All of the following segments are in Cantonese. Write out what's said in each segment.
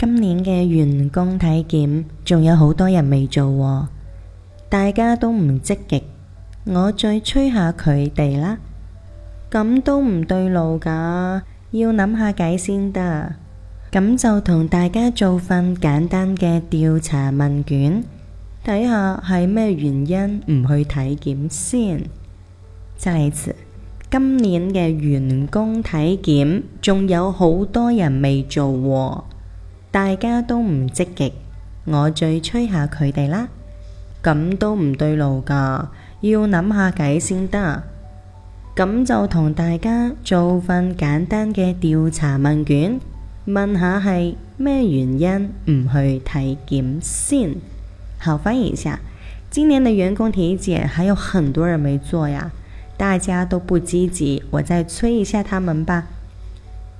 今年嘅員工體檢仲有好多人未做喎，大家都唔積極。我再催下佢哋啦。咁都唔對路噶，要諗下計先得。咁就同大家做份簡單嘅調查問卷，睇下係咩原因唔去體檢先。即係今年嘅員工體檢仲有好多人未做喎。大家都唔積極，我再催下佢哋啦。咁都唔對路噶，要諗下計先得。咁就同大家做份簡單嘅調查問卷，問下係咩原因唔去體檢先。好，翻譯一下。今年的員工體檢還有很多人沒做呀，大家都不積極，我再催一下他們吧。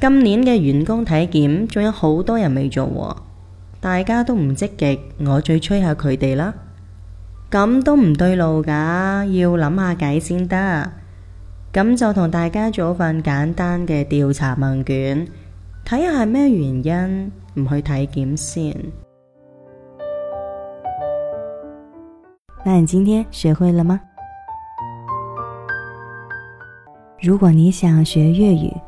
今年嘅員工體檢仲有好多人未做喎，大家都唔積極，我再催下佢哋啦。咁都唔對路噶，要諗下計先得。咁就同大家做份簡單嘅調查問卷，睇下係咩原因唔去體檢先。那你今天學會了嗎？如果你想學粵語。